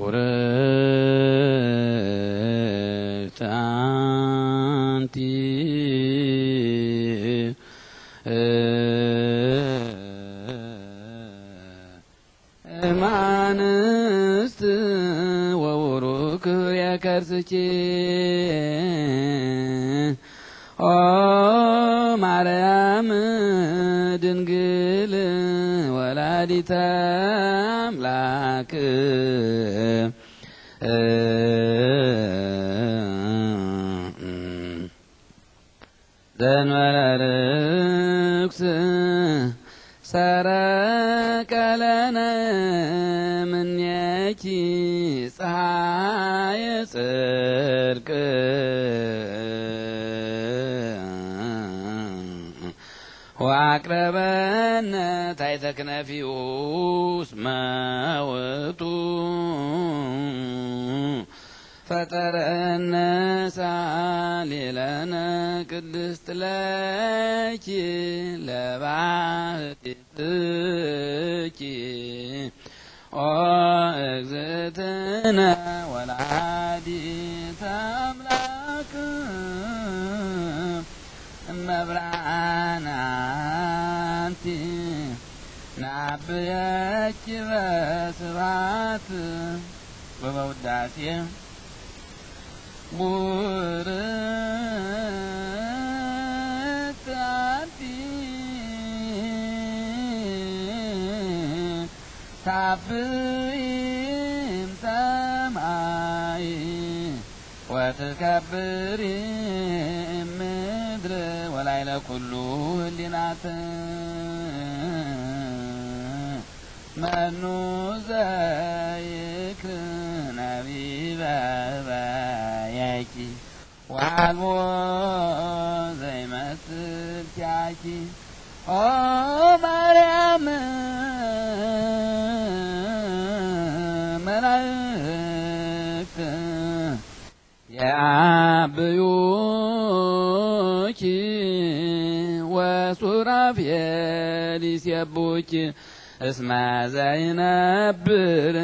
por eh, ድንግል ወላዲተ አምላክ ዘእንበለ ርኩስ ሰረቀ ፀሐየ ጽድቅ ወአቅረበነ ታሕተ ክነፊሁ እስመ ውእቱ ፈጠረነ ሳሌለነ ቅድስት ለኪ ለባህቲትኪ ኦ እግዝእትነ ወላዲተ መብራናንቲ ናብየች በስባት በስብሐት ወበውዳሴ ቡርክት አንቲ ታብይም ሰማይ ወትከብሪ ምድር ወላይ ለኩሉ ህሊናት መኑ ዘይክ ነቢ በበያኪ ዋልሞ ዘይመስል ቲያኪ ኦ ማርያም መላእክት የአብዩ ኪ ወሱራፌል ይሴብሑኪ እስመ ዘይነብር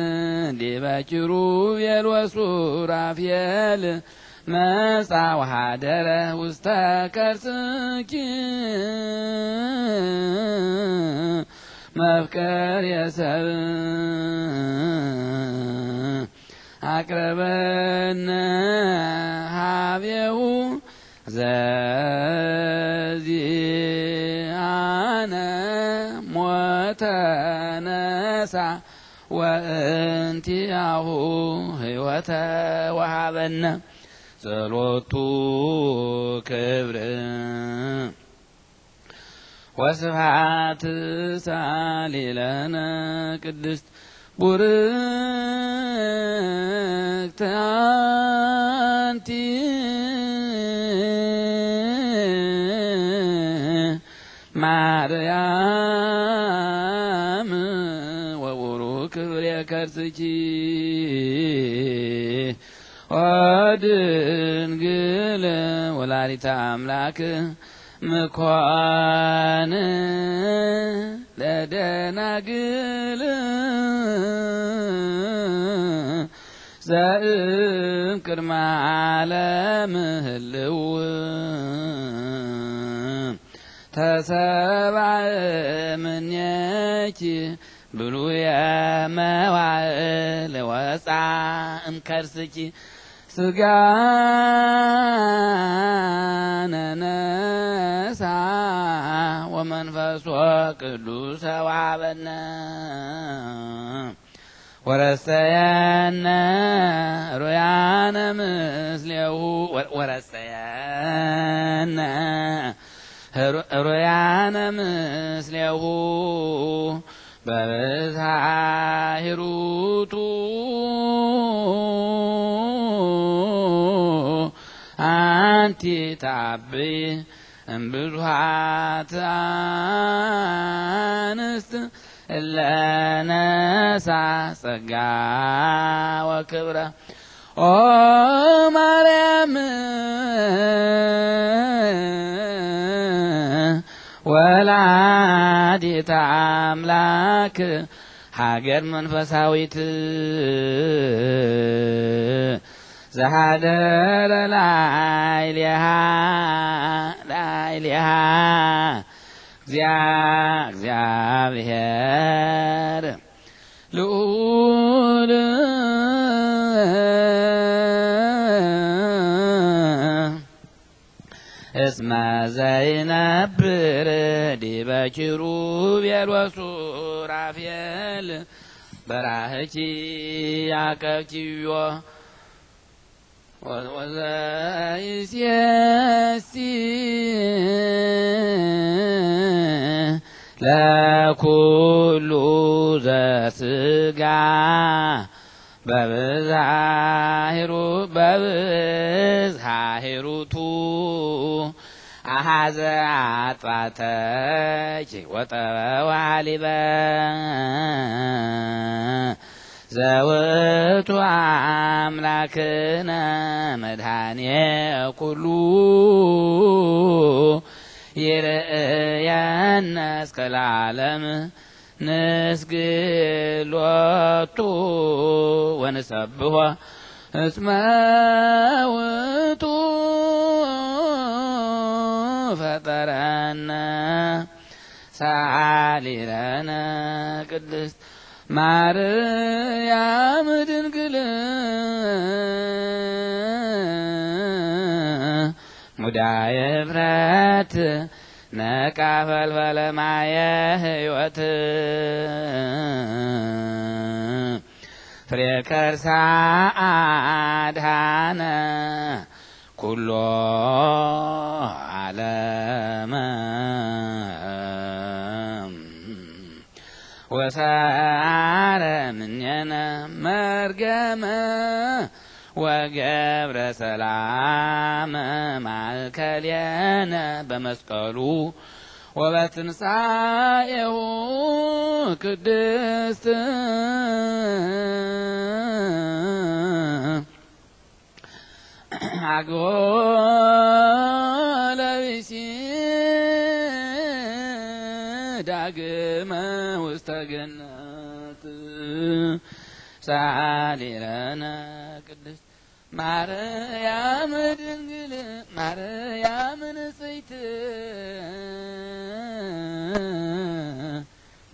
ዲበ ኪሩቤል ወሱራፌል መጻ ወኀደረ ውስተ ከርስኪ መፍቀር ሰብእ አቅረበነ ኀቤሁ ዘዚአነ ሞተ ነሳ ወእንቲአሁ ሕይወተ ወሃበነ ጸሎቱ ክብር ወስብሐት ሳሊለነ ቅድስት ቡርክት አንቲ ማርያም ወቡሩክ ክብሬከርትኪ ወድንግል ወላዲተ አምላክ ምኳን ለደናግል ዘእንቅድመ ዓለም ህልው ተሰብአ እምኔኪ ብሉየ መዋዕል ወፃ እምከርስኪ ስጋነ ነሳ ወመንፈሶ ቅዱስ ተዋሃበነ ورسيا النار يعانى مثله ورسيا النار يعانى مثله بابتها روتو انت تعبي بزهات انست الا ተነሳ ጸጋ ወክብረ ኦ ማርያም ወላዲተ አምላክ ሀገር መንፈሳዊት ዘሃደረ ላይሊሃ ላይሊሃ እግዚአብሔር ልዑል እስማ ዘይነብር ዲበ ኪሩቤል ወሱራፌል በራህኪ ያቀብኪዮ ወዘይሴሲ ለኩሉ ዘስጋ በብዝሃ ሂሩቱ አሐዘ አጥባተኪ ወጠበዋሊበ ዘውቱ አምላክነ መድኃኔ ኩሉ ይርእያነ እስከ ለዓለም ንስግድ ሎቱ ወንሰብሖ እስመ ውእቱ ፈጠረነ ሰዓሊለነ ቅድስት ማርያም ድንግል ሙዳየ ህፍረት መቃፈል በለማየ ህይወት ፍሬ ከርሳ አድሃነ ኩሎ ዓለመ ወሳረ ምኘነ መርገመ ወገብረ ሰላም ማእከልየነ በመስቀሉ ወበትንሣኤሁ ቅድስት አግቦ ዳግመ ውስተ ገነት ሳሊረነ ማርያም ድንግል ማርያም ንጽሕት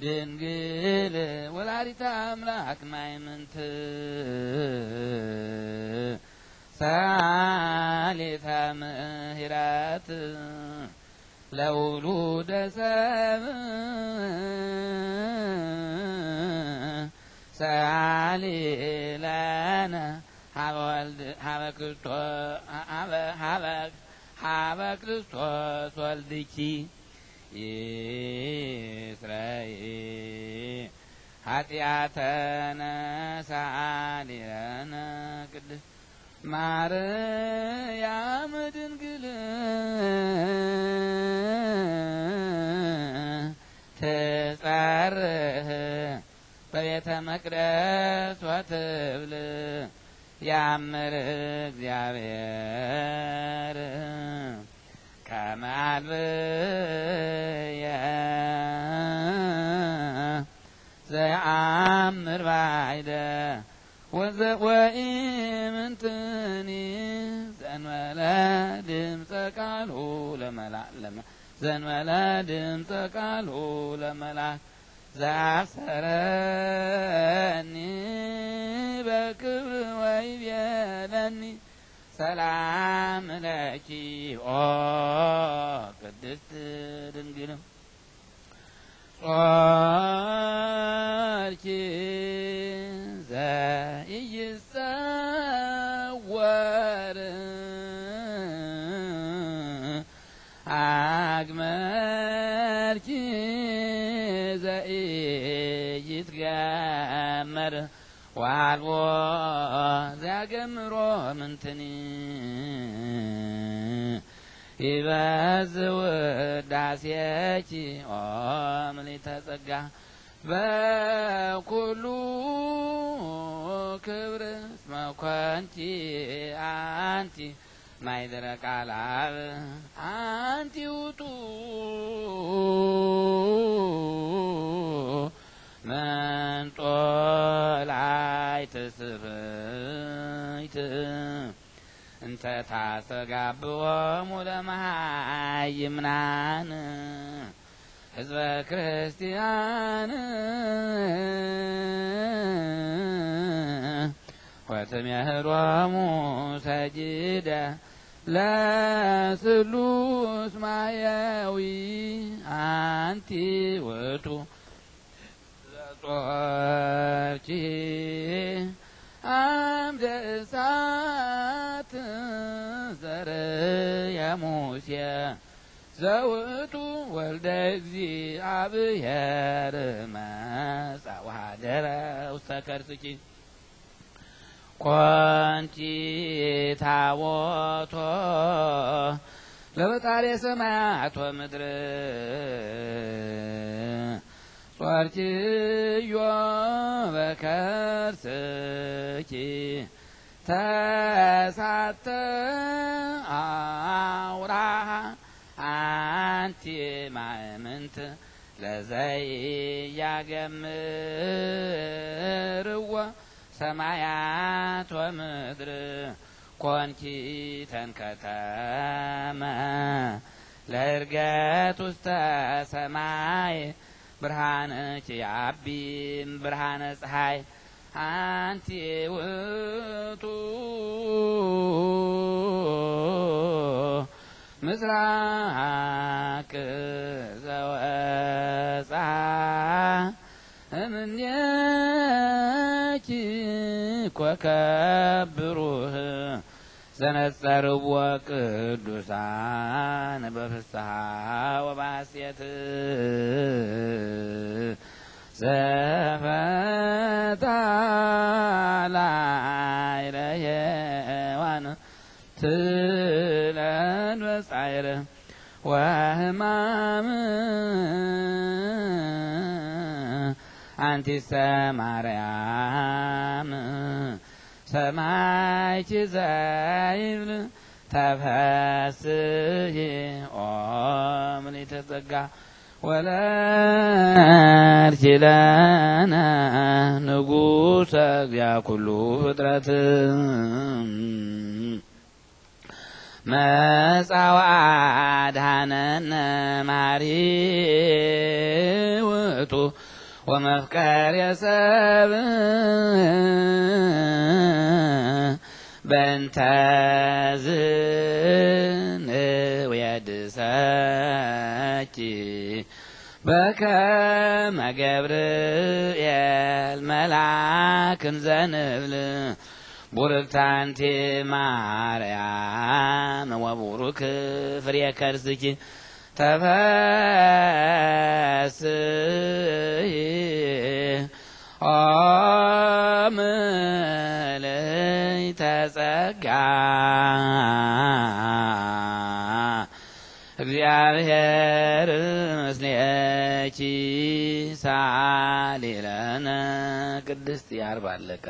ድንግል ወላዲተ አምላክ ማይምንት ሳሌታ ምሕረት ለውሉደ ሰብ ሳሌላነ ወልድ ሀበ ክርስቶስ ወልድኪ ይስረይ ኃጢአተነ ሰዓሊረነ ቅድስት ማርያም ድንግል ትጸርህ በቤተ መቅደስ ወትብል ያምር እግዚአብሔር ከማልብየ ዘአምር ባይደ ወዘ ወኢምንትኒ ዘንበለ ድምፀ ቃልሁ ለመላ ዘንበለ ድምፀ ቃልሁ ለመላ ዘአብሰረ ሰላም ለኪ ኦ ቅድስት ድንግል ጾርኪ ዘኢይጸወር አግመርኪ ዘኢይትጋመር ዋልዎ ዘገምሮ ምንትኒ ይበዝ ውዳሴኪ ኦ ምልዕተ ጸጋ በኩሉ ክብር እስመ አንቲ ማይደረ ቃል አንቲ ውጡ መንጦላይ ትስፍይት እንተ ታስተጋብኦሙ ለመሃይምናን ህዝበ ክርስቲያን ወትሜህሮሙ ሰጅደ ለስሉስ ማያዊ አንቲ ውእቱ ጾብኪ አምደሳት ዘረ የሙሴ ዘውቱ ወልደ እግዚአብሔር መጽአ ወኀደረ ውስተ ከርሥኪ ኮንቲ ታቦቶ ለፈጣሪ ሰማያት ወምድር ጾርኪዮ በከርስኪ ተሳተ አውራ አንቲ ማእምንት ለዘይያገምርዎ ሰማያት ወምድር ኮንኪ ተንከተመ ለእርገት ውስተ ሰማይ ብርሃነ ኪያቢ ብርሃነ ፀሐይ አንቲ ውቱ ምስራቅ ዘወፃ እምኔኪ ኮከብሩህ ሰነጸርዎ ቅዱሳን በፍስሐ ወባሴት ዘፈታ ላዕለ ትለን በጻዕር ወህማም አንቲሰ ማርያም ሰማይ ኪዛይብል ተፈስይ ኦ ምን ተጸጋ ወለድኪ ለነ ንጉሰ እግዚአ ኩሉ ፍጥረት መጻዋ አድኀነነ ማሪ ውጡ ወመፍቀር የሰብ በእንተ ዝንውየድሰኪ በከመ ገብርኤል መልአክን ዘንብል ቡርክታንቲ ማርያም ወቡሩክ ፍሬ ከርስኪ ተፈስይ ኦምልይ ተጸጋ እግዚአብሔር ምስሌኪ ሳሊለነ ቅድስት ያርባለቀ